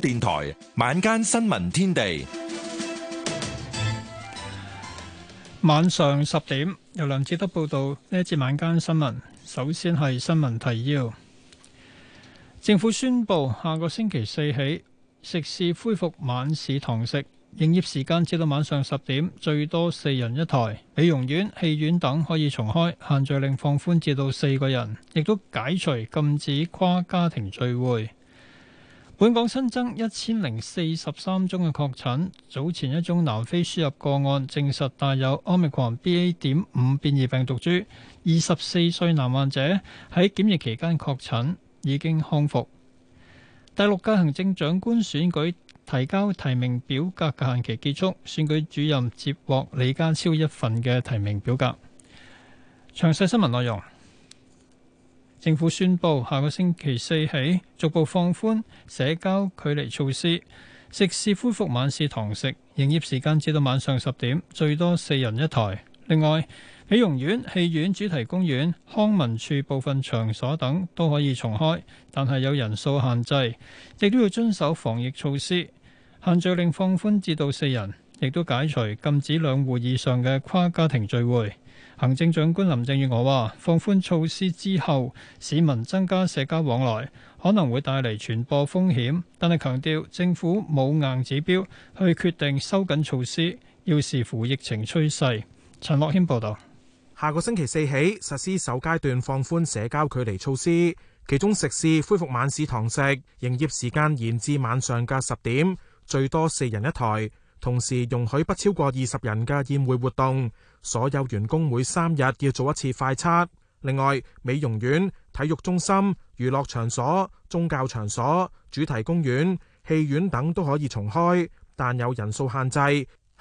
電台晚間新聞天地，晚上十點由梁志德報道呢一節晚間新聞。首先係新聞提要：政府宣布下個星期四起，食肆恢復晚市堂食，營業時間至到晚上十點，最多四人一台。美容院、戲院等可以重開，限聚令放寬至到四個人，亦都解除禁止跨家庭聚會。本港新增一千零四十三宗嘅確診。早前一宗南非輸入個案證實帶有奧密克戎 BA. 點五變異病毒株，二十四歲男患者喺檢疫期間確診已經康復。第六屆行政長官選舉提交提名表格嘅限期結束，選舉主任接獲李家超一份嘅提名表格。詳細新聞內容。政府宣布，下個星期四起逐步放寬社交距離措施，食肆恢復晚市堂食，營業時間至到晚上十點，最多四人一枱。另外，美容院、戲院、主題公園、康文署部分場所等都可以重開，但係有人數限制，亦都要遵守防疫措施，限聚令放寬至到四人。亦都解除禁止兩戶以上嘅跨家庭聚會。行政長官林鄭月娥話：放寬措施之後，市民增加社交往來，可能會帶嚟傳播風險。但係強調，政府冇硬指標去決定收緊措施，要視乎疫情趨勢。陳樂謙報道。下個星期四起實施首階段放寬社交距離措施，其中食肆恢復晚市堂食，營業時間延至晚上嘅十點，最多四人一台。同時容許不超過二十人嘅宴會活動，所有員工每三日要做一次快測。另外，美容院、體育中心、娛樂場所、宗教場所、主題公園、戲院等都可以重開，但有人數限制。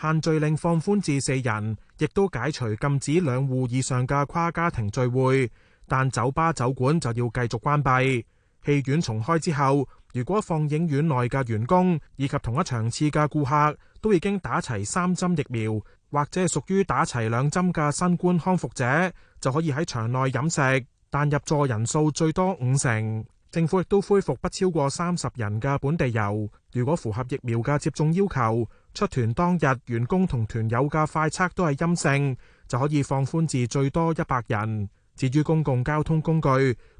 限聚令放寬至四人，亦都解除禁止兩戶以上嘅跨家庭聚會，但酒吧、酒館就要繼續關閉。戲院重開之後，如果放映院內嘅員工以及同一場次嘅顧客都已經打齊三針疫苗，或者係屬於打齊兩針嘅新冠康復者，就可以喺場內飲食，但入座人數最多五成。政府亦都恢復不超過三十人嘅本地遊。如果符合疫苗嘅接種要求，出團當日員工同團友嘅快測都係陰性，就可以放寬至最多一百人。至於公共交通工具、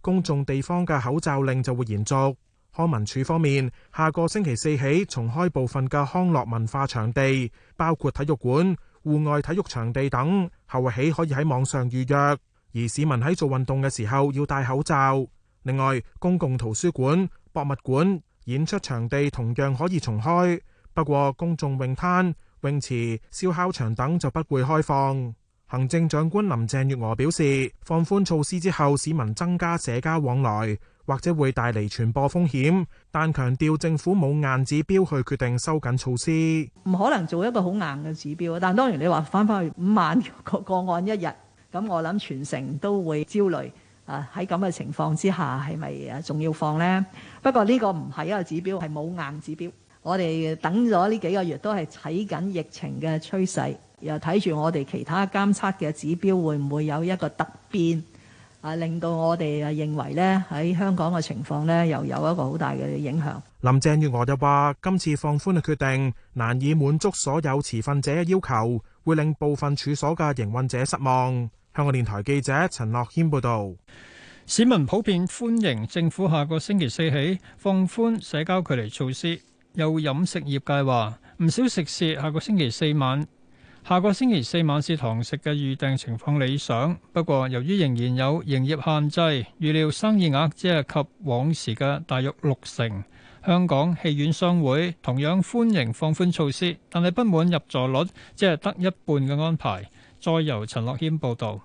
公眾地方嘅口罩令就會延續。康文署方面，下個星期四起重開部分嘅康樂文化場地，包括體育館、戶外體育場地等，後日起可以喺網上預約。而市民喺做運動嘅時候要戴口罩。另外，公共圖書館、博物館、演出場地同樣可以重開，不過公眾泳灘、泳池、燒烤場等就不會開放。行政長官林鄭月娥表示，放寬措施之後，市民增加社交往來。或者會帶嚟傳播風險，但強調政府冇硬指標去決定收緊措施，唔可能做一個好硬嘅指標。但當然你話翻返去五萬個個案一日，咁我諗全城都會焦慮。啊，喺咁嘅情況之下，係咪啊仲要放呢？不過呢個唔係一個指標，係冇硬指標。我哋等咗呢幾個月都係睇緊疫情嘅趨勢，又睇住我哋其他監測嘅指標會唔會有一個突變。啊！令到我哋啊認為咧，喺香港嘅情況咧，又有一個好大嘅影響。林鄭月娥就話：今次放寬嘅決定難以滿足所有持份者嘅要求，會令部分處所嘅營運者失望。香港電台記者陳樂軒報導。市民普遍歡迎政府下個星期四起放寬社交距離措施。有飲食業界話：唔少食肆下個星期四晚。下個星期四晚市堂食嘅預訂情況理想，不過由於仍然有營業限制，預料生意額只係及往時嘅大約六成。香港戲院商會同樣歡迎放寬措施，但係不滿入座率只係得一半嘅安排。再由陳樂軒報導。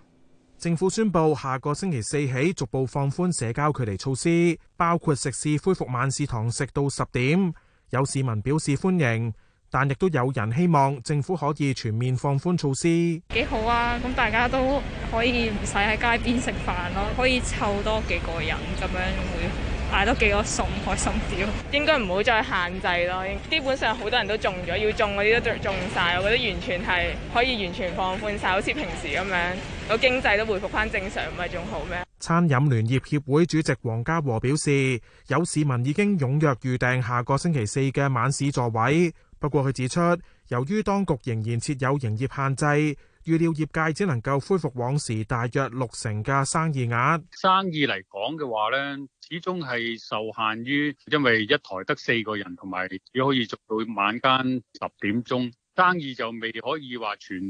政府宣布下個星期四起逐步放寬社交距離措施，包括食肆恢復晚市堂食到十點。有市民表示歡迎。但亦都有人希望政府可以全面放寬措施。幾好啊！咁大家都可以唔使喺街邊食飯咯，可以湊多幾個人咁樣，會嗌多幾個餸，開心啲。應該唔好再限制咯。基本上好多人都中咗，要中嗰啲都中晒，我覺得完全係可以完全放寬晒，好似平時咁樣，個經濟都回復翻正常，唔係仲好咩？餐飲聯業協，協會主席黃家和表示，有市民已經踴躍預訂下個星期四嘅晚市座位。不過，佢指出，由於當局仍然設有營業限制，預料業界只能夠恢復往時大約六成嘅生意額。生意嚟講嘅話咧，始終係受限於，因為一枱得四個人，同埋只可以做到晚間十點鐘，生意就未可以話全。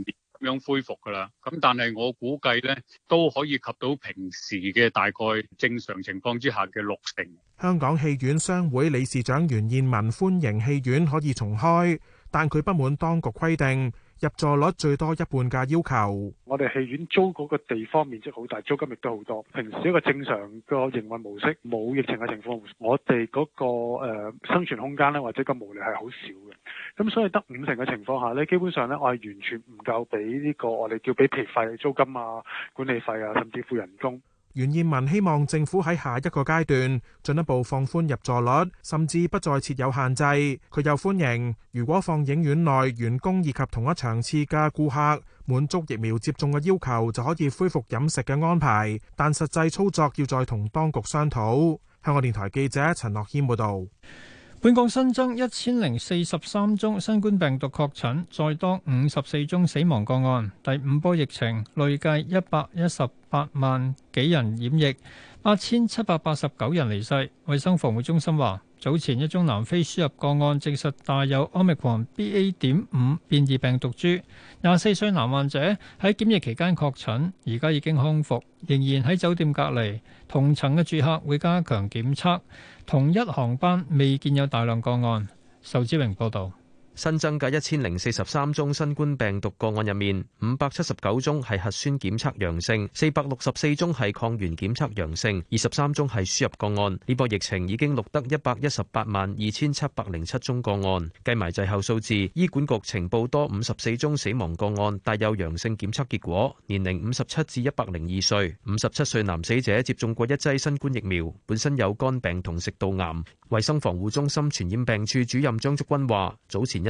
咁樣恢復㗎喇，咁但係我估計呢都可以及到平時嘅大概正常情況之下嘅六成。香港戲院商會理事長袁燕文歡迎戲院可以重開，但佢不滿當局規定入座率最多一半嘅要求。我哋戲院租嗰個地方面積好大，租金亦都好多。平時一個正常個營運模式冇疫情嘅情況，我哋嗰個誒生存空間呢，或者個毛利係好少嘅。咁所以得五成嘅情況下呢，基本上呢、這個，我係完全唔夠俾呢個我哋叫俾皮費租金啊、管理費啊，甚至乎人工。袁燕文希望政府喺下一個階段進一步放寬入座率，甚至不再設有限制。佢又歡迎，如果放影院內員工以及同一場次嘅顧客滿足疫苗接種嘅要求，就可以恢復飲食嘅安排。但實際操作要再同當局商討。香港電台記者陳樂謙報道。本港新增一千零四十三宗新冠病毒確診，再多五十四宗死亡個案。第五波疫情累計一百一十八萬幾人染疫，八千七百八十九人離世。衛生防護中心話，早前一宗南非輸入個案證實帶有奧密克戎 BA. 點五變異病毒株，廿四歲男患者喺檢疫期間確診，而家已經康復，仍然喺酒店隔離。同層嘅住客會加強檢測。同一航班未見有大量個案。仇志榮報道。新增嘅一千零四十三宗新冠病毒個案入面，五百七十九宗係核酸檢測陽性，四百六十四宗係抗原檢測陽性，二十三宗係輸入個案。呢波疫情已經錄得一百一十八萬二千七百零七宗個案。計埋滯後數字，醫管局呈報多五十四宗死亡個案，帶有陽性檢測結果，年齡五十七至一百零二歲，五十七歲男死者接種過一劑新冠疫苗，本身有肝病同食道癌。衛生防護中心傳染病處主任張竹君話早前一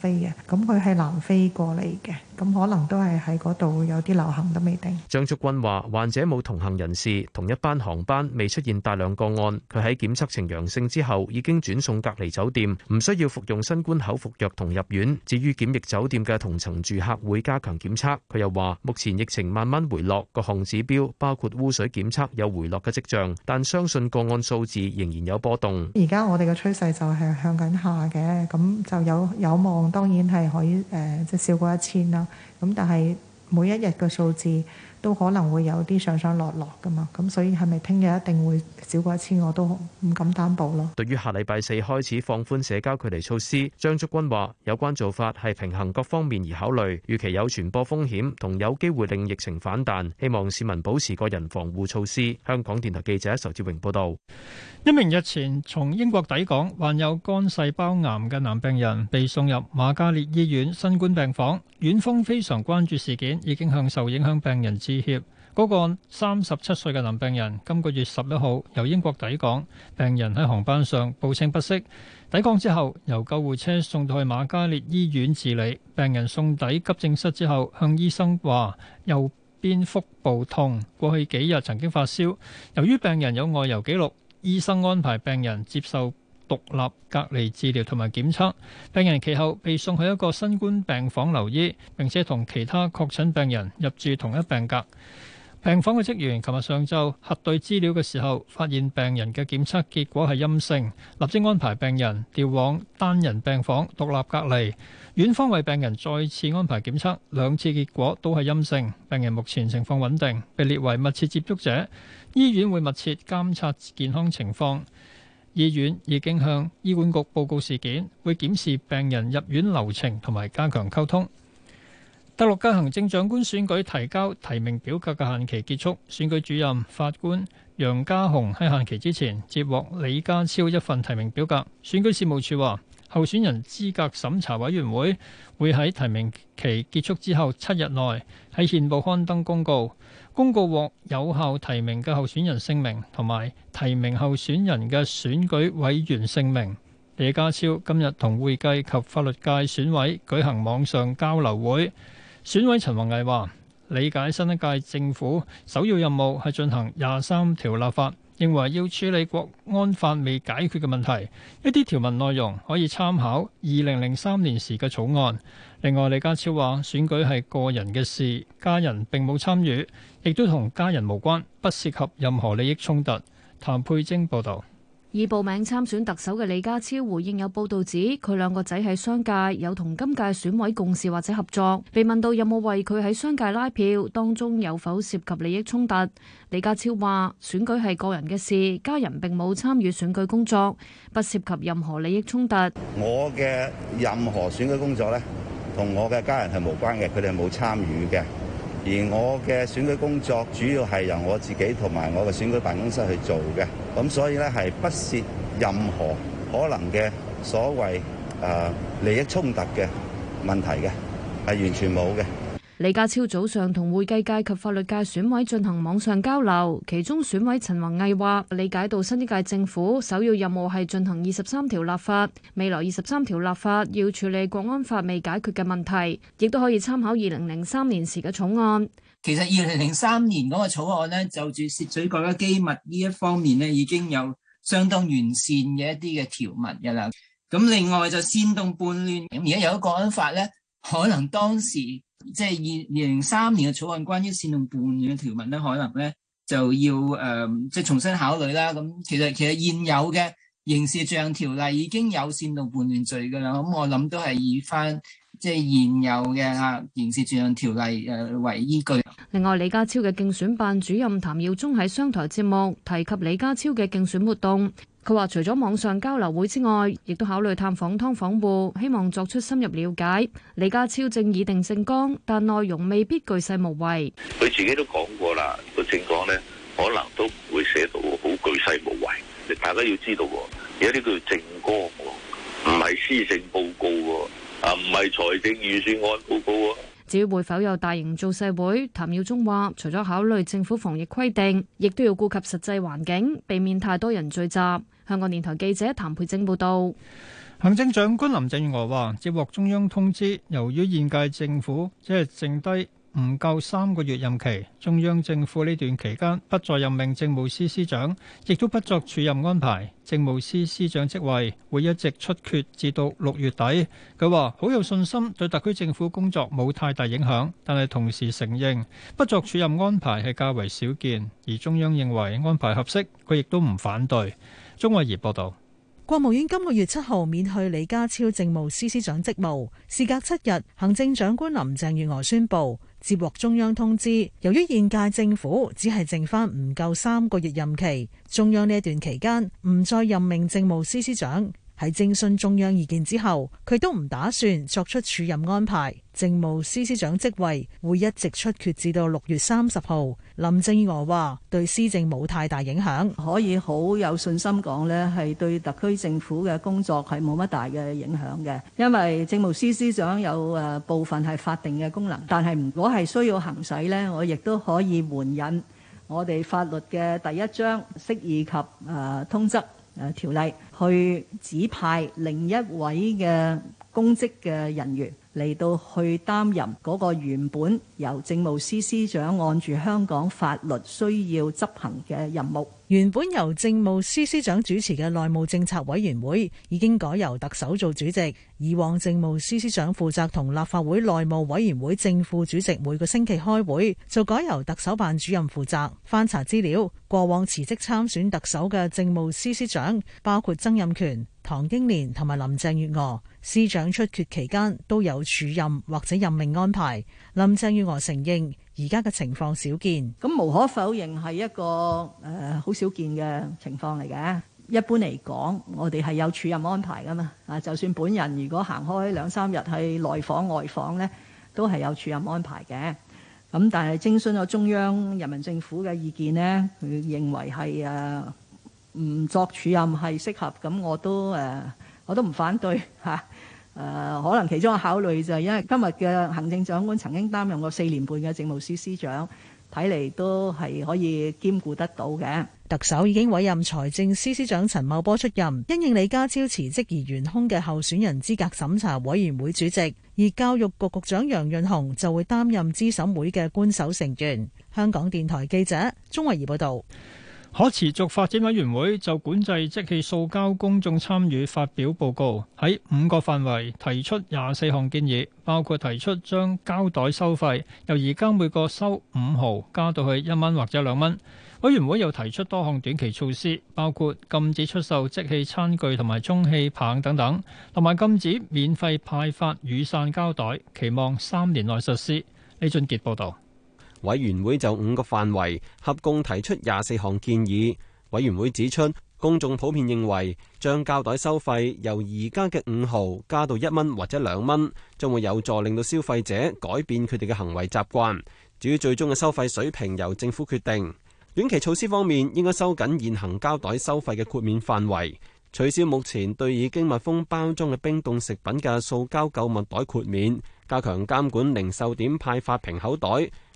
飛嘅，咁佢係南非過嚟嘅。咁可能都係喺嗰度有啲流行都未定。張竹君話患者冇同行人士，同一班航班未出現大量個案。佢喺檢測呈陽性之後已經轉送隔離酒店，唔需要服用新冠口服藥同入院。至於檢疫酒店嘅同層住客會加強檢測，佢又話目前疫情慢慢回落，各項指標包括污水檢測有回落嘅跡象，但相信個案數字仍然有波動，而家我哋嘅趨勢就係向緊下嘅，咁就有有望當然係可以誒，即係少過一千啦。咁但係每一日嘅數字，都可能會有啲上上落落噶嘛，咁所以係咪聽日一定會少過一次？我都唔敢擔保咯。對於下禮拜四開始放寬社交距離措施，張竹君話：有關做法係平衡各方面而考慮，預期有傳播風險同有機會令疫情反彈，希望市民保持個人防護措施。香港電台記者仇志榮報導。一名日前從英國抵港患有肝細胞癌嘅男病人，被送入瑪嘉烈醫院新冠病房，院方非常關注事件，已經向受影響病人致歉。嗰個三十七歲嘅男病人今個月十一號由英國抵港，病人喺航班上報稱不適，抵港之後由救護車送到去瑪嘉烈醫院治理。病人送抵急症室之後，向醫生話右邊腹部痛，過去幾日曾經發燒。由於病人有外遊記錄，醫生安排病人接受。獨立隔離治療同埋檢測，病人其後被送去一個新冠病房留醫，並且同其他確診病人入住同一病格。病房嘅職員，琴日上晝核對資料嘅時候，發現病人嘅檢測結果係陰性，立即安排病人調往單人病房獨立隔離。院方為病人再次安排檢測，兩次結果都係陰性，病人目前情況穩定，被列為密切接觸者，醫院會密切監察健康情況。醫院已經向醫管局報告事件，會檢視病人入院流程同埋加強溝通。第六屆行政長官選舉提交提名表格嘅限期結束，選舉主任法官楊家雄喺限期之前接獲李家超一份提名表格。選舉事務處話，候選人資格審查委員會會喺提名期結束之後七日內喺憲報刊登公告。公告獲有效提名嘅候選人姓名，同埋提名候選人嘅選舉委員姓名。李家超今日同會計及法律界選委舉行網上交流會，選委陳弘毅話：理解新一屆政府首要任務係進行廿三條立法。認為要處理國安法未解決嘅問題，一啲條文內容可以參考二零零三年時嘅草案。另外，李家超話選舉係個人嘅事，家人並冇參與，亦都同家人無關，不涉及任何利益衝突。譚佩晶報道。已報名參選特首嘅李家超回應有報道指佢兩個仔喺商界，有同今屆選委共事或者合作。被問到有冇為佢喺商界拉票，當中有否涉及利益衝突，李家超話選舉係個人嘅事，家人並冇參與選舉工作，不涉及任何利益衝突。我嘅任何選舉工作呢，同我嘅家人係無關嘅，佢哋係冇參與嘅。而我嘅選舉工作主要係由我自己同埋我嘅選舉辦公室去做嘅，咁所以咧，係不涉任何可能嘅所謂誒，利益衝突嘅問題嘅，係完全冇嘅。李家超早上同會計界及法律界選委進行網上交流，其中選委陳弘毅話：理解到新一屆政府首要任務係進行二十三條立法，未來二十三條立法要處理國安法未解決嘅問題，亦都可以參考二零零三年時嘅草案。其實二零零三年嗰個草案呢，就住竊取國家機密呢一方面呢，已經有相當完善嘅一啲嘅條文嘅啦。咁另外就煽動叛亂，咁而家有一個國安法呢，可能當時，即係二零零三年嘅草案，關於煽動叛亂嘅條文咧，可能咧就要誒，即、呃、係、就是、重新考慮啦。咁其實其實現有嘅刑事罪行條例已經有煽動叛亂罪噶啦，咁、嗯、我諗都係以翻即係現有嘅吓刑事罪行條例誒為依據。另外，李家超嘅競選辦主任譚耀宗喺商台節目提及李家超嘅競選活動。佢話：除咗網上交流會之外，亦都考慮探訪劏房戶，希望作出深入了解。李家超正擬定政綱，但內容未必巨細無遺。佢自己都講過啦，個政綱呢，可能都唔會寫到好巨細無遺。大家要知道喎，有啲叫做政綱喎，唔係施政報告喎，啊，唔係財政預算案報告啊。至於會否有大型造勢會，譚耀宗話：除咗考慮政府防疫規定，亦都要顧及實際環境，避免太多人聚集。香港電台記者譚培正報導。行政長官林鄭月娥話：接獲中央通知，由於現屆政府即係剩低，唔夠三個月任期，中央政府呢段期間不再任命政務司司長，亦都不作署任安排。政務司司長職位會一直出缺至到六月底。佢話好有信心對特區政府工作冇太大影響，但係同時承認不作署任安排係較為少見，而中央認為安排合適，佢亦都唔反對。鍾慧儀報道。國務院今個月七號免去李家超政務司司長職務，事隔七日，行政長官林鄭月娥宣布接獲中央通知，由於現屆政府只係剩翻唔夠三個月任期，中央呢段期間唔再任命政務司司長。喺徵詢中央意見之後，佢都唔打算作出署任安排，政務司司長職位會一直出缺至到六月三十號。林鄭月娥話：對施政冇太大影響，可以好有信心講呢係對特區政府嘅工作係冇乜大嘅影響嘅，因為政務司司長有誒部分係法定嘅功能，但係如果係需要行使呢，我亦都可以援引我哋法律嘅第一章釋義及誒通則。誒，條例去指派另一位嘅公職嘅人員。嚟到去擔任嗰個原本由政務司司長按住香港法律需要執行嘅任務。原本由政務司司長主持嘅內務政策委員會，已經改由特首做主席。以往政務司司長負責同立法會內務委員會正副主席每個星期開會，就改由特首辦主任負責。翻查資料，過往辭職參選特首嘅政務司司長，包括曾蔭權、唐英年同埋林鄭月娥。司長出缺期間都有署任或者任命安排。林鄭月娥承認，而家嘅情況少見。咁無可否認係一個誒好、呃、少見嘅情況嚟嘅。一般嚟講，我哋係有署任安排噶嘛。啊，就算本人如果行開兩三日係內訪外訪呢，都係有署任安排嘅。咁但係徵詢咗中央人民政府嘅意見呢，佢認為係誒唔作署任係適合。咁我都誒。呃我都唔反對吓，誒、啊、可能其中嘅考慮就係因為今日嘅行政長官曾經擔任過四年半嘅政務司司長，睇嚟都係可以兼顧得到嘅。特首已經委任財政司司長陳茂波出任，因應李家超辭職而懸空嘅候選人資格審查委員會主席，而教育局局長楊潤雄就會擔任資審會嘅官守成員。香港電台記者鍾慧儀報道。可持續發展委員會就管制即棄塑膠公眾參與發表報告，喺五個範圍提出廿四項建議，包括提出將膠袋收費，由而家每個收五毫，加到去一蚊或者兩蚊。委員會又提出多項短期措施，包括禁止出售即棄餐具同埋充氣棒等等，同埋禁止免費派發雨傘膠袋，期望三年內實施。李俊杰報道。委員會就五個範圍合共提出廿四項建議。委員會指出，公眾普遍認為將膠袋收費由而家嘅五毫加到一蚊或者兩蚊，將會有助令到消費者改變佢哋嘅行為習慣。至於最終嘅收費水平，由政府決定。短期措施方面，應該收緊現行膠袋收費嘅豁免範圍，取消目前對已經密封包裝嘅冰凍食品嘅塑膠購物袋豁免，加強監管零售點派發平口袋。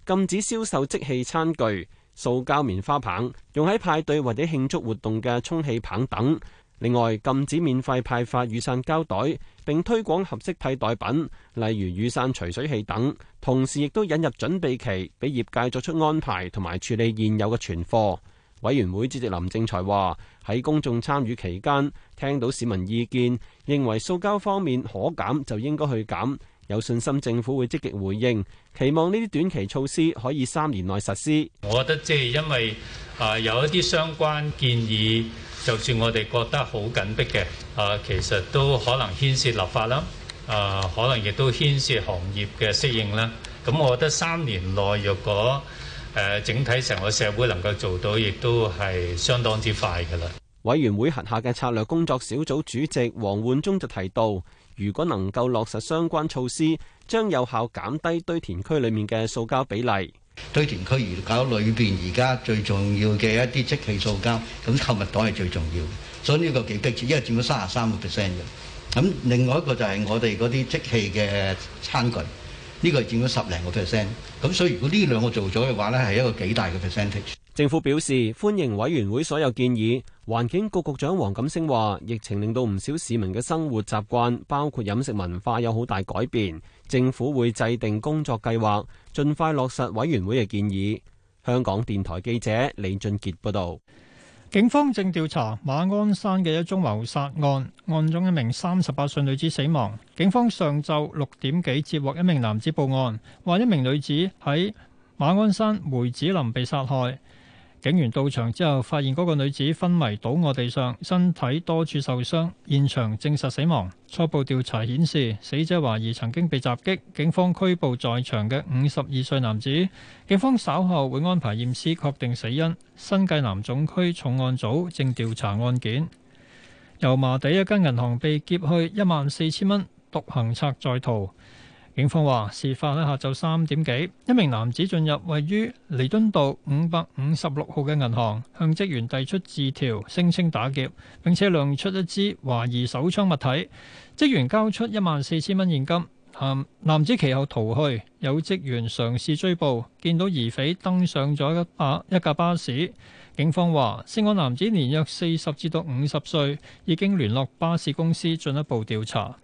禁止銷售即棄餐具、塑膠棉花棒、用喺派對或者慶祝活動嘅充氣棒等。另外，禁止免費派發雨傘膠袋，並推廣合適替代品，例如雨傘除水器等。同時，亦都引入準備期，俾業界作出安排同埋處理現有嘅存貨。委員會主席林正財話：喺公眾參與期間，聽到市民意見，認為塑膠方面可減，就應該去減。有信心政府會積極回應，期望呢啲短期措施可以三年內實施。我覺得即係因為啊，有一啲相關建議，就算我哋覺得好緊迫嘅啊，其實都可能牽涉立法啦，啊，可能亦都牽涉行業嘅適應啦。咁，啊，我覺得三年內，若果誒整體成個社會能夠做到，亦都係相當之快嘅啦。委員會轄下嘅策略工作小組主席黃煥忠就提到。如果能夠落實相關措施，將有效減低堆填區裏面嘅塑膠比例。堆填區而家裏邊而家最重要嘅一啲即棄塑膠，咁購物袋係最重要，所以呢個幾逼切，因為佔咗三十三個 percent 嘅。咁另外一個就係我哋嗰啲即棄嘅餐具，呢個係佔咗十零個 percent。咁所以如果呢兩個做咗嘅話咧，係一個幾大嘅 percentage。政府表示歡迎委員會所有建議。環境局局長黃錦星話，疫情令到唔少市民嘅生活習慣，包括飲食文化，有好大改變。政府會制定工作計劃，盡快落實委員會嘅建議。香港電台記者李俊傑報道。警方正調查馬鞍山嘅一宗謀殺案，案中一名三十八歲女子死亡。警方上晝六點幾接獲一名男子報案，話一名女子喺馬鞍山梅子林被殺害。警員到場之後，發現嗰個女子昏迷倒臥地上，身體多處受傷，現場證實死亡。初步調查顯示，死者懷疑曾經被襲擊，警方拘捕在場嘅五十二歲男子。警方稍後會安排驗屍，確定死因。新界南總區重案組正調查案件。油麻地一間銀行被劫去一萬四千蚊，獨行賊在逃。警方話：事發喺下晝三點幾，一名男子進入位於彌敦道五百五十六號嘅銀行，向職員遞出字條，聲稱打劫，並且亮出一支懷疑手槍物體。職員交出一萬四千蚊現金，嗯、男子其後逃去。有職員嘗試追捕，見到疑匪登上咗一、啊、一架巴士。警方話：涉案男子年約四十至到五十歲，已經聯絡巴士公司進一步調查。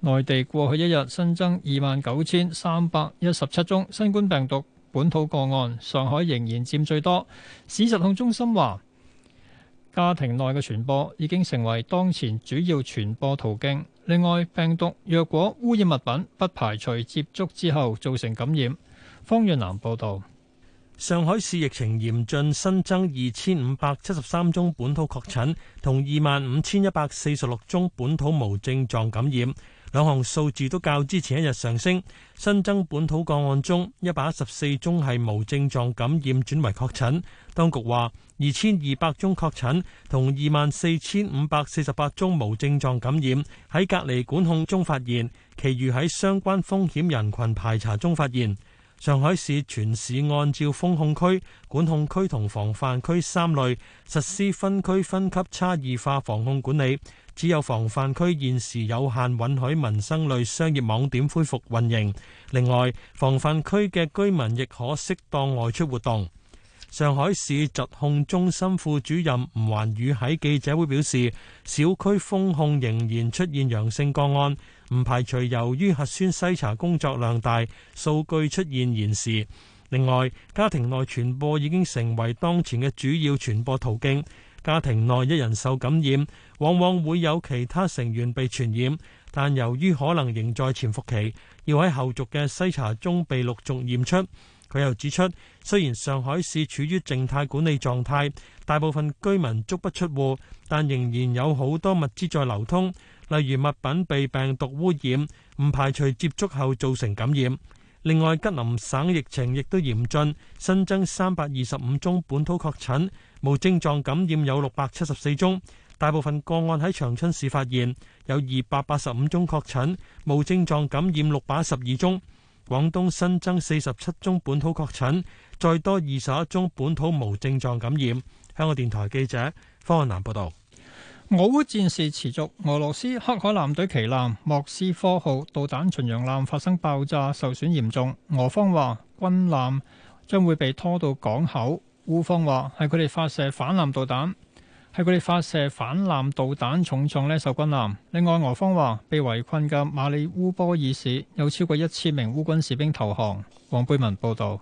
內地過去一日新增二萬九千三百一十七宗新冠病毒本土個案，上海仍然佔最多。市疾控中心話，家庭內嘅傳播已經成為當前主要傳播途徑。另外，病毒若果污染物品，不排除接觸之後造成感染。方遠南報道，上海市疫情嚴峻，新增二千五百七十三宗本土確診，同二萬五千一百四十六宗本土無症狀感染。兩項數字都較之前一日上升，新增本土個案中，一百一十四宗係無症狀感染轉為確診。當局話，二千二百宗確診同二萬四千五百四十八宗無症狀感染喺隔離管控中發現，其餘喺相關風險人群排查中發現。上海市全市按照封控區、管控區同防範區三類實施分區分級差異化防控管理。只有防範區現時有限允許民生類商業網點恢復運營，另外，防範區嘅居民亦可適當外出活動。上海市疾控中心副主任吳環宇喺記者會表示，小區封控仍然出現陽性個案，唔排除由於核酸篩查工作量大，數據出現延時。另外，家庭內傳播已經成為當前嘅主要傳播途徑。家庭內一人受感染，往往會有其他成員被傳染，但由於可能仍在潛伏期，要喺後續嘅篩查中被陸續驗出。佢又指出，雖然上海市處於靜態管理狀態，大部分居民足不出戶，但仍然有好多物資在流通，例如物品被病毒污染，唔排除接觸後造成感染。另外，吉林省疫情亦都嚴峻，新增三百二十五宗本土確診，無症狀感染有六百七十四宗，大部分個案喺長春市發現，有二百八十五宗確診，無症狀感染六百一十二宗。廣東新增四十七宗本土確診，再多二十一宗本土無症狀感染。香港電台記者方漢南報道。俄烏戰事持續，俄羅斯黑海艦隊旗艦莫斯科號導彈巡洋艦發生爆炸，受損嚴重。俄方話軍艦將會被拖到港口，烏方話係佢哋發射反艦導彈，係佢哋發射反艦導彈重創呢艘軍艦。另外，俄方話被圍困嘅馬里烏波爾市有超過一千名烏軍士兵投降。黃貝文報道。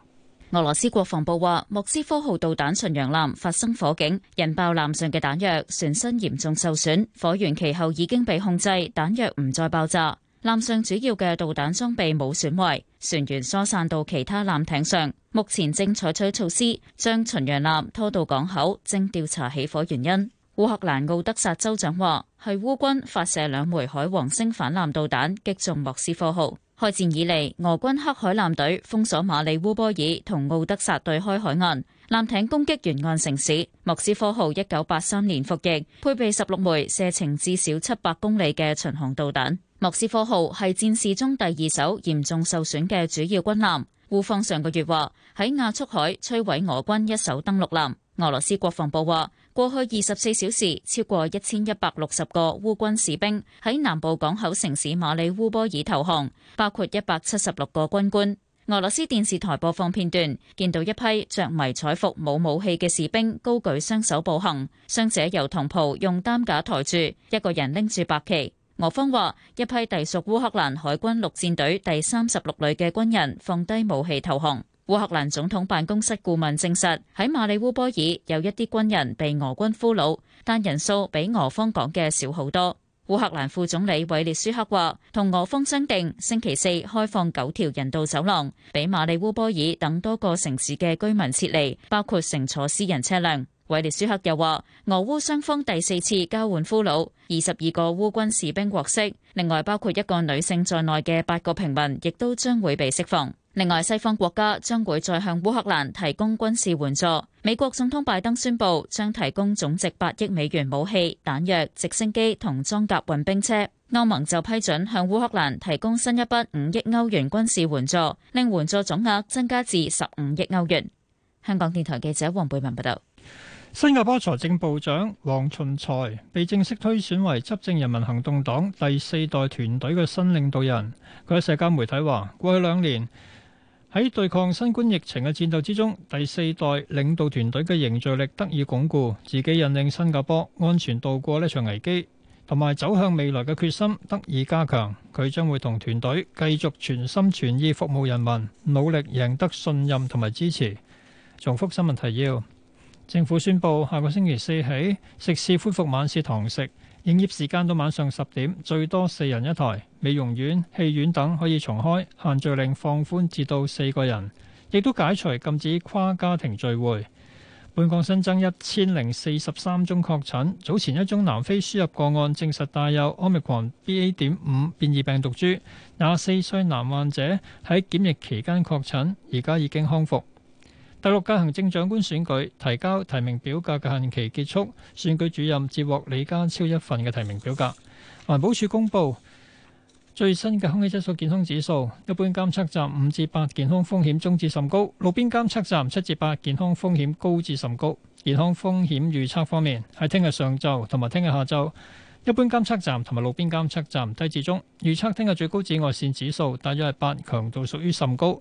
俄羅斯國防部話，莫斯科號導彈巡洋艦發生火警，引爆艦上嘅彈藥，船身嚴重受損。火源其後已經被控制，彈藥唔再爆炸。艦上主要嘅導彈裝備冇損壞，船員疏散到其他艦艇上，目前正採取措施將巡洋艦拖到港口，正調查起火原因。烏克蘭奧德薩州長話，係烏軍發射兩枚海王星反艦導彈擊中莫斯科號。開戰以嚟，俄軍黑海艦隊封鎖馬里烏波爾同奧德薩對開海岸，艦艇攻擊沿岸城市。莫斯科號一九八三年服役，配備十六枚射程至少七百公里嘅巡航導彈。莫斯科號係戰事中第二艘嚴重受損嘅主要軍艦。烏方上個月話喺亞速海摧毀俄軍一艘登陸艦。俄羅斯國防部話。過去二十四小時，超過一千一百六十個烏軍士兵喺南部港口城市馬里烏波爾投降，包括一百七十六個軍官。俄羅斯電視台播放片段，見到一批着迷彩服、冇武器嘅士兵高舉雙手步行，傷者由同袍用擔架抬住，一個人拎住白旗。俄方話，一批隸屬烏克蘭海軍陸戰隊第三十六旅嘅軍人放低武器投降。烏克蘭總統辦公室顧問證實，喺馬里烏波爾有一啲軍人被俄軍俘虜，但人數比俄方講嘅少好多。烏克蘭副總理韋列舒克話，同俄方商定星期四開放九條人道走廊，俾馬里烏波爾等多個城市嘅居民撤離，包括乘坐私人車輛。韋列舒克又話，俄烏雙方第四次交換俘虜，二十二個烏軍士兵獲釋，另外包括一個女性在內嘅八個平民亦都將會被釋放。另外，西方國家將會再向烏克蘭提供軍事援助。美國總統拜登宣布將提供總值八億美元武器、彈藥、直升機同裝甲運兵車。歐盟就批准向烏克蘭提供新一筆五億歐元軍事援助，令援助總額增加至十五億歐元。香港電台記者黃貝文報道。新加坡財政部長黃循財被正式推選為執政人民行動黨第四代團隊嘅新領導人。佢喺社交媒體話：過去兩年，喺對抗新冠疫情嘅戰鬥之中，第四代領導團隊嘅凝聚力得以鞏固，自己引領新加坡安全度過呢場危機，同埋走向未來嘅決心得以加強。佢將會同團隊繼續全心全意服務人民，努力贏得信任同埋支持。重複新聞提要：政府宣布下個星期四起，食肆恢復晚市堂食。營業時間到晚上十點，最多四人一台。美容院、戲院等可以重開，限聚令放寬至到四個人，亦都解除禁止跨家庭聚會。本港新增一千零四十三宗確診，早前一宗南非輸入個案證實帶有 Omicron BA.5 變異病毒株，廿四歲男患者喺檢疫期間確診，而家已經康復。第六屆行政長官選舉提交提名表格嘅限期結束，選舉主任接獲李家超一份嘅提名表格。環保署公布最新嘅空氣質素健康指數，一般監測站五至八健康風險中至甚高，路邊監測站七至八健康風險高至甚高。健康風險預測方面，喺聽日上晝同埋聽日下晝，一般監測站同埋路邊監測站低至中。預測聽日最高紫外線指數大約係八，強度屬於甚高。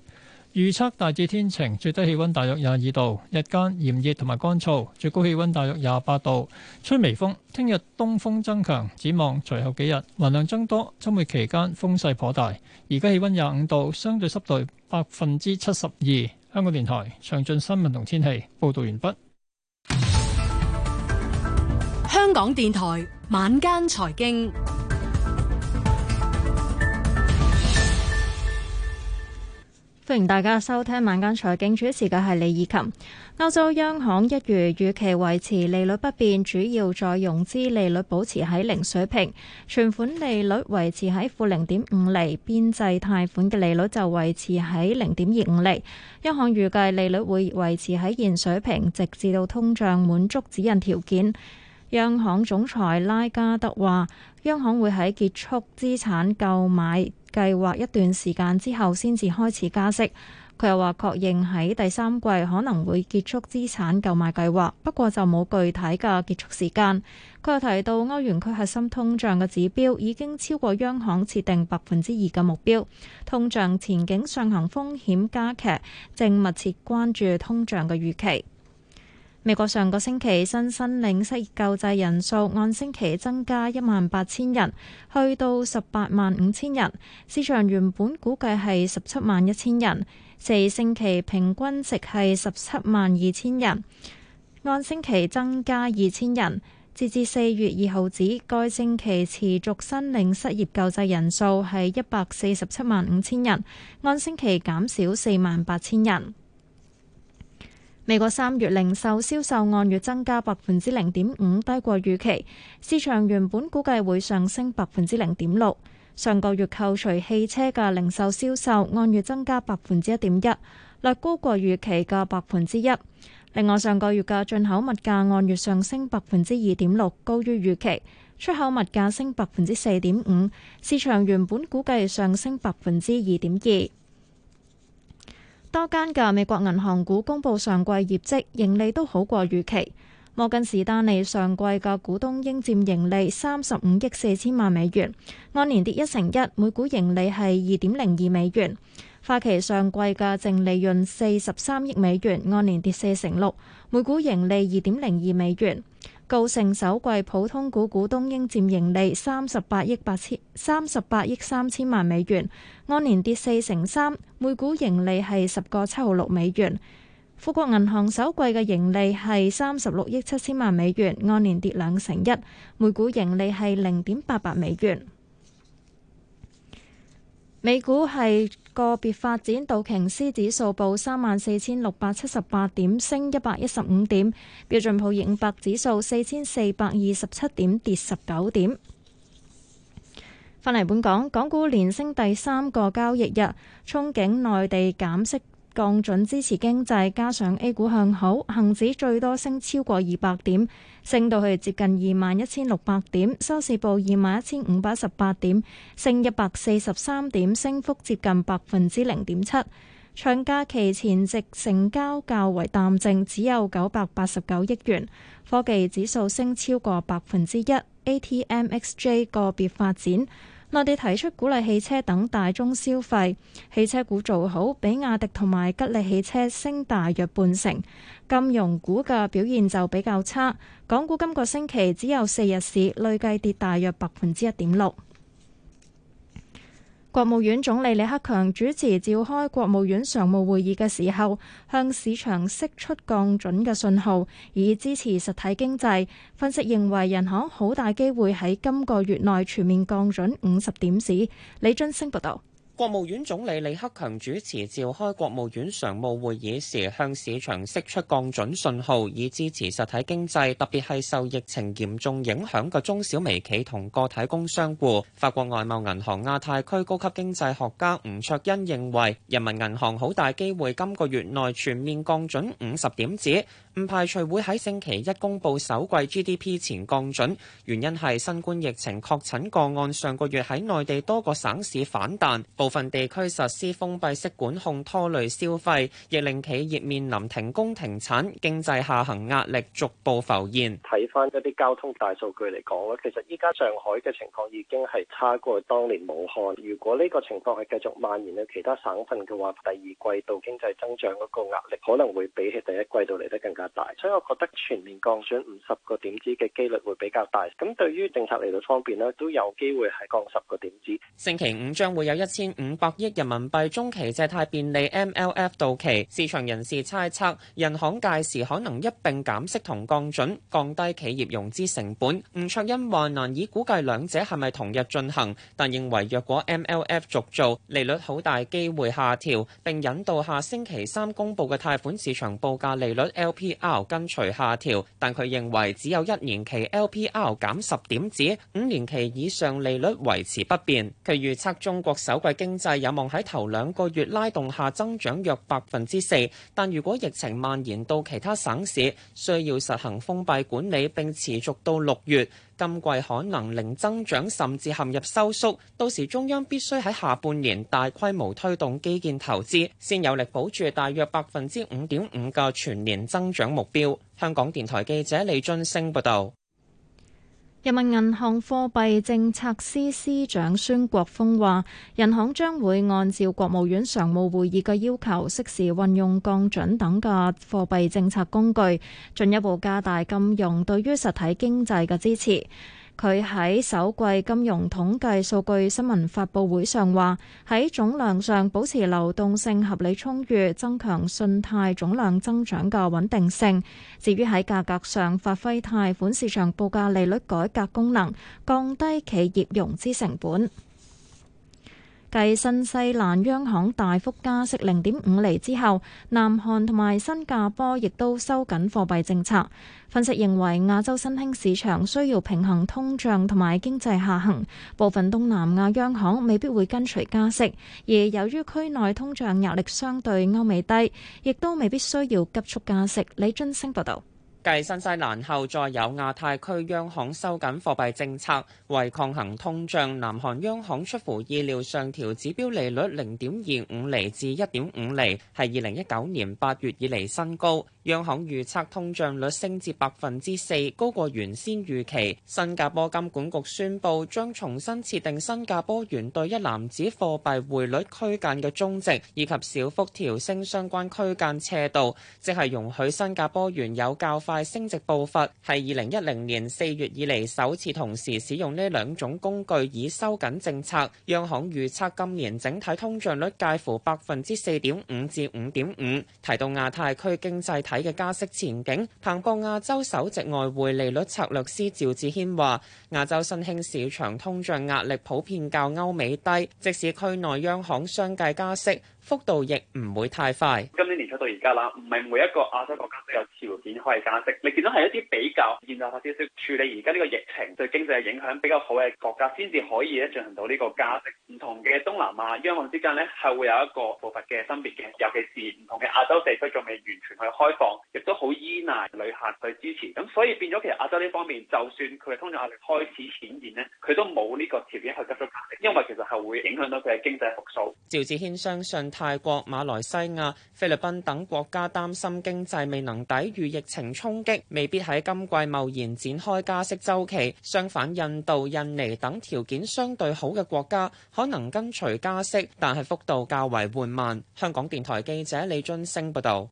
預測大致天晴，最低氣溫大約廿二度，日間炎熱同埋乾燥，最高氣溫大約廿八度，吹微風。聽日東風增強，展望隨後幾日雲量增多，週末期間風勢頗大。而家氣溫廿五度，相對濕度百分之七十二。香港電台詳盡新聞同天氣報道完畢。香港電台晚間財經。歡迎大家收聽《晚間財經》，主持嘅係李以琴。歐洲央行一如預期維持利率不變，主要再融資利率保持喺零水平，存款利率維持喺負零點五厘，邊際貸款嘅利率就維持喺零點二五厘。央行預計利率會維持喺現水平，直至到通脹滿足指引條件。央行總裁拉加德話：央行會喺結束資產購買計劃一段時間之後，先至開始加息。佢又話確認喺第三季可能會結束資產購買計劃，不過就冇具體嘅結束時間。佢又提到歐元區核心通脹嘅指標已經超過央行設定百分之二嘅目標，通脹前景上行風險加劇，正密切關注通脹嘅預期。美國上個星期新申領失業救濟人數按星期增加一萬八千人，去到十八萬五千人。市場原本估計係十七萬一千人，四星期平均值係十七萬二千人，按星期增加二千人。截至四月二號止，該星期持續申領失業救濟人數係一百四十七萬五千人，按星期減少四萬八千人。美國三月零售銷售按月增加百分之零點五，低過預期。市場原本估計會上升百分之零點六。上個月扣除汽車嘅零售銷售按月增加百分之一點一，略高過預期嘅百分之一。另外，上個月嘅進口物價按月上升百分之二點六，高於預期。出口物價升百分之四點五，市場原本估計上升百分之二點二。多間嘅美國銀行股公佈上季業績，盈利都好過預期。摩根士丹利上季嘅股東應佔盈利三十五億四千萬美元，按年跌一成一，每股盈利係二點零二美元。花旗上季嘅淨利潤四十三億美元，按年跌四成六，每股盈利二點零二美元。高盛首季普通股股東應佔盈利三十八億八千三十八億三千萬美元，按年跌四成三，每股盈利係十個七毫六美元。富國銀行首季嘅盈利係三十六億七千萬美元，按年跌兩成一，每股盈利係零點八八美元。美股係。個別發展，道瓊斯指數報三萬四千六百七十八點，升一百一十五點；標準普爾五百指數四千四百二十七點，跌十九點。翻嚟本港，港股連升第三個交易日，憧憬內地減息，降準支持經濟，加上 A 股向好，恒指最多升超過二百點，升到去接近二萬一千六百點，收市報二萬一千五百十八點，升一百四十三點，升幅接近百分之零點七。長假期前夕成交較為淡靜，只有九百八十九億元。科技指數升超過百分之一，ATMXJ 個別發展。內地提出鼓勵汽車等大宗消費，汽車股做好，比亞迪同埋吉利汽車升大約半成。金融股嘅表現就比較差，港股今個星期只有四日市，累計跌大約百分之一點六。國務院總理李克強主持召開國務院常務會議嘅時候，向市場釋出降準嘅信號，以支持實體經濟。分析認為，人行好大機會喺今個月內全面降準五十點子。李俊升報道。國務院總理李克強主持召開國務院常務會議時，向市場釋出降準信號，以支持實體經濟，特別係受疫情嚴重影響嘅中小微企同個體工商戶。法國外貿銀行亞太區高級經濟學家吳卓恩認為，人民銀行好大機會今個月內全面降準五十點子。唔排除會喺星期一公布首季 GDP 前，降準原因係新冠疫情確診個案上個月喺內地多個省市反彈，部分地區實施封閉式管控，拖累消費，亦令企業面臨停工停產，經濟下行壓力逐步浮現。睇翻一啲交通大數據嚟講咧，其實依家上海嘅情況已經係差過當年武漢，如果呢個情況係繼續蔓延到其他省份嘅話，第二季度經濟增長嗰個壓力可能會比起第一季度嚟得更加。較大，所以我覺得全面降準五十個點子嘅幾率會比較大。咁對於政策利率方面呢，都有機會係降十個點子。星期五將會有一千五百億人民幣中期借貸便利 （MLF） 到期，市場人士猜測人行屆時可能一併減息同降準，降低企業融資成本。吳卓欣話難以估計兩者係咪同日進行，但認為若果 MLF 續做，利率好大機會下調，並引導下星期三公布嘅貸款市場報價利率 （LPR）。跟隨下調，但佢認為只有一年期 LPR 減十點子，五年期以上利率維持不變。佢預測中國首季經濟有望喺頭兩個月拉動下增長約百分之四，但如果疫情蔓延到其他省市，需要實行封閉管理，並持續到六月，今季可能零增長，甚至陷入收縮，到時中央必須喺下半年大規模推動基建投資，先有力保住大約百分之五點五嘅全年增長目標。香港電台記者李津升報導。人民銀行貨幣政策司司長孫國峰話，人行將會按照國務院常務會議嘅要求，適時運用降準等嘅貨幣政策工具，進一步加大金融對於實體經濟嘅支持。佢喺首季金融統計數據新聞發布會上話，喺總量上保持流動性合理充裕，增強信貸總量增長嘅穩定性。至於喺價格上，發揮貸款市場報價利率改革功能，降低企業融資成本。繼新西蘭央行大幅加息零點五釐之後，南韓同埋新加坡亦都收緊貨幣政策。分析認為，亞洲新興市場需要平衡通脹同埋經濟下行，部分東南亞央行未必會跟隨加息，而由於區內通脹壓力相對歐美低，亦都未必需要急速加息。李津升報道。繼新西蘭後，再有亞太區央行收緊貨幣政策，為抗衡通脹，南韓央行出乎意料上調指標利率零點二五釐至一點五釐，係二零一九年八月以來新高。央行預測通脹率升至百分之四，高過原先預期。新加坡金管局宣布將重新設定新加坡元對一籃子貨幣匯率區間嘅中值，以及小幅調升相關區間斜度，即係容許新加坡元有較快升值步伐。喺二零一零年四月以嚟首次同時使用呢兩種工具以收緊政策。央行預測今年整體通脹率介乎百分之四點五至五點五，提到亞太區經濟。睇嘅加息前景，彭博亞洲首席外匯利率策略師趙志軒話，亞洲新興市場通脹壓力普遍較歐美低，即使區內央行相繼加息。幅度亦唔會太快。今年年初到而家啦，唔係每一個亞洲國家都有條件可以加息。你見到係一啲比較現代化少少處理而家呢個疫情對經濟嘅影響比較好嘅國家，先至可以咧進行到呢個加息。唔同嘅東南亞央行之間呢，係會有一個步伐嘅分別嘅。尤其是唔同嘅亞洲地區，仲未完全去開放，亦都好依賴旅客去支持。咁所以變咗，其實亞洲呢方面，就算佢通脹壓力開始顯現呢，佢都冇呢個條件去急速加息，因為其實係會影響到佢嘅經濟復甦。趙志軒相信，泰國、馬來西亞、菲律賓等國家擔心經濟未能抵御疫情沖擊，未必喺今季貿然展開加息周期。相反，印度、印尼等條件相對好嘅國家可能跟隨加息，但係幅度較為緩慢。香港電台記者李津升報道。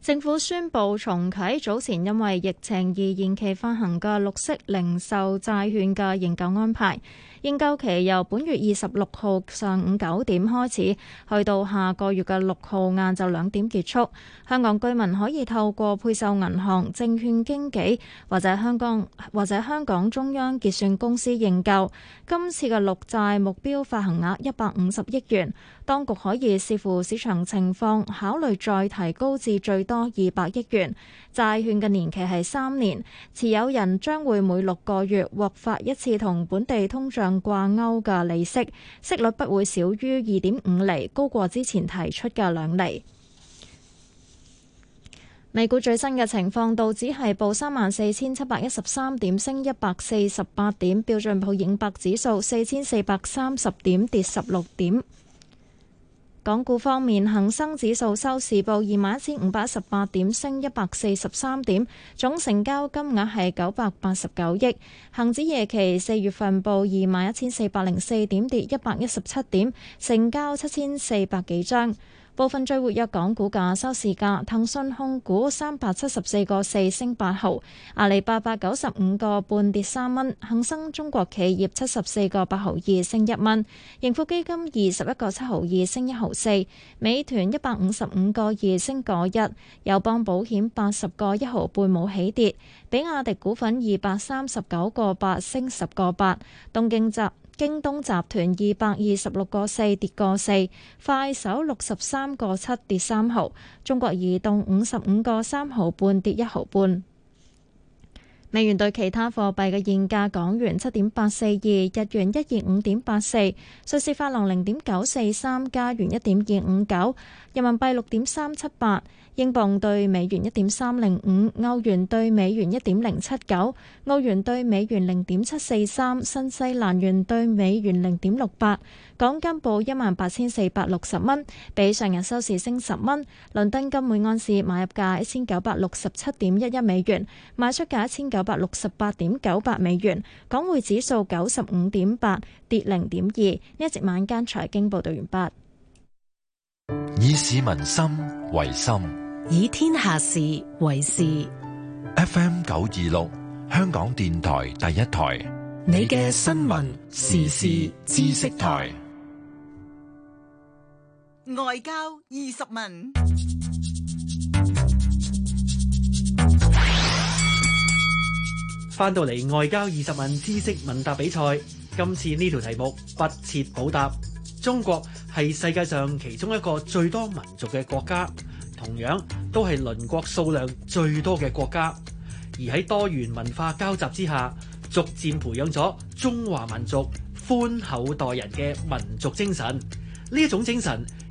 政府宣布重啟早前因為疫情而延期發行嘅綠色零售債券嘅認購安排。認購期由本月二十六號上午九點開始，去到下個月嘅六號晏晝兩點結束。香港居民可以透過配售銀行、證券經紀或者香港或者香港中央結算公司認購。今次嘅綠債目標發行額一百五十億元，當局可以視乎市場情況考慮再提高至最多二百億元。債券嘅年期係三年，持有人將會每六個月獲發一次同本地通脹掛鈎嘅利息息率不會少於二點五厘，高過之前提出嘅兩厘。美股最新嘅情況，道指係報三萬四千七百一十三點，升一百四十八點；標準普爾五百指數四千四百三十點，跌十六點。港股方面，恒生指數收市報二萬一千五百一十八點，升一百四十三點，總成交金額係九百八十九億。恒指夜期四月份報二萬一千四百零四點，跌一百一十七點，成交七千四百幾張。部分最活躍港股價收市價，騰訊控股三百七十四個四升八毫，阿里巴巴九十五個半跌三蚊，恒生中國企業七十四個八毫二升一蚊，盈富基金二十一個七毫二升一毫四，美團一百五十五個二升個一，友邦保險八十個一毫半冇起跌，比亞迪股份二百三十九個八升十個八，東京集京東集團二百二十六個四跌個四，快手六十三個七跌三毫，中國移動五十五個三毫半跌一毫半。美元兌其他貨幣嘅現價：港元七點八四二，日元一二五點八四，瑞士法郎零點九四三，加元一點二五九，人民幣六點三七八，英鎊對美元一點三零五，歐元對美元一點零七九，澳元對美元零點七四三，新西蘭元對美元零點六八。港金報一萬八千四百六十蚊，比上日收市升十蚊。倫敦金每安士買入價一千九百六十七點一一美元，賣出價一千九百六十八點九八美元。港匯指數九十五點八，跌零點二。呢一節晚間財經報道完畢。以市民心為心，以天下事為事。F M 九二六，香港電台第一台，你嘅新聞時事知識台。外交二十問，返到嚟，外交二十問知識問答比賽，今次呢條題目不設補答。中國係世界上其中一個最多民族嘅國家，同樣都係鄰國數量最多嘅國家，而喺多元文化交集之下，逐漸培養咗中華民族寬厚待人嘅民族精神。呢一種精神。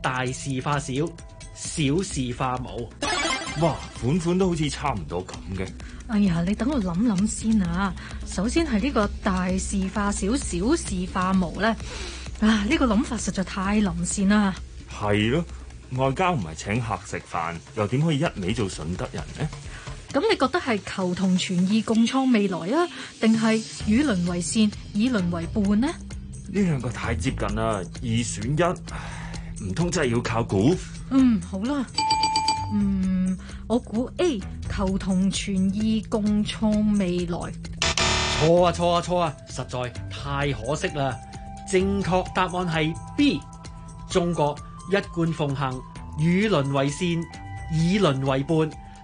大事化小，小事化無。哇，款款都好似差唔多咁嘅。哎呀，你等我諗諗先啊。首先係呢個大事化小，小事化無咧。啊，呢個諗法實在太臨線啦。係咯，外交唔係請客食飯，又點可以一味做順德人呢？咁你覺得係求同存異，共創未來啊？定係與鄰為善，以鄰為伴呢？呢兩個太接近啦，二選一。唔通真係要靠估？嗯，好啦，嗯，我估 A，求同存異，共創未來。錯啊錯啊錯啊！實在太可惜啦。正確答案係 B。中國一貫奉行與鄰為善、以鄰為伴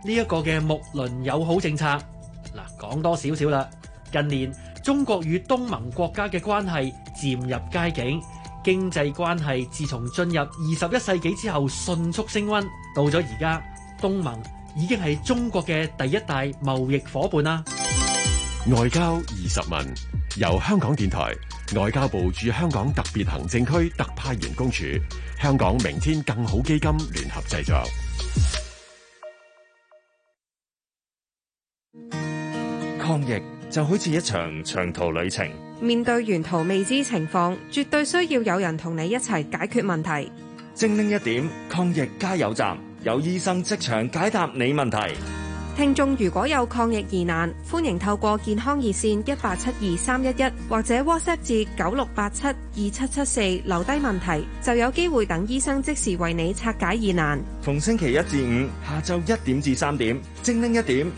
呢一個嘅睦鄰友好政策。嗱，講多少少啦。近年中國與東盟國家嘅關係漸入佳境。經濟關係自從進入二十一世紀之後，迅速升溫。到咗而家，東盟已經係中國嘅第一大貿易夥伴啦。外交二十問，由香港電台外交部駐香港特別行政區特派員公署、香港明天更好基金聯合製作。抗疫。就好似一場長途旅程，面對沿途未知情況，絕對需要有人同你一齊解決問題。精靈一點抗疫加油站有醫生即場解答你問題。聽眾如果有抗疫疑難，歡迎透過健康熱線一八七二三一一或者 WhatsApp 至九六八七二七七四留低問題，就有機會等醫生即時為你拆解疑難。逢星期一至五下晝一點至三點，精靈一點。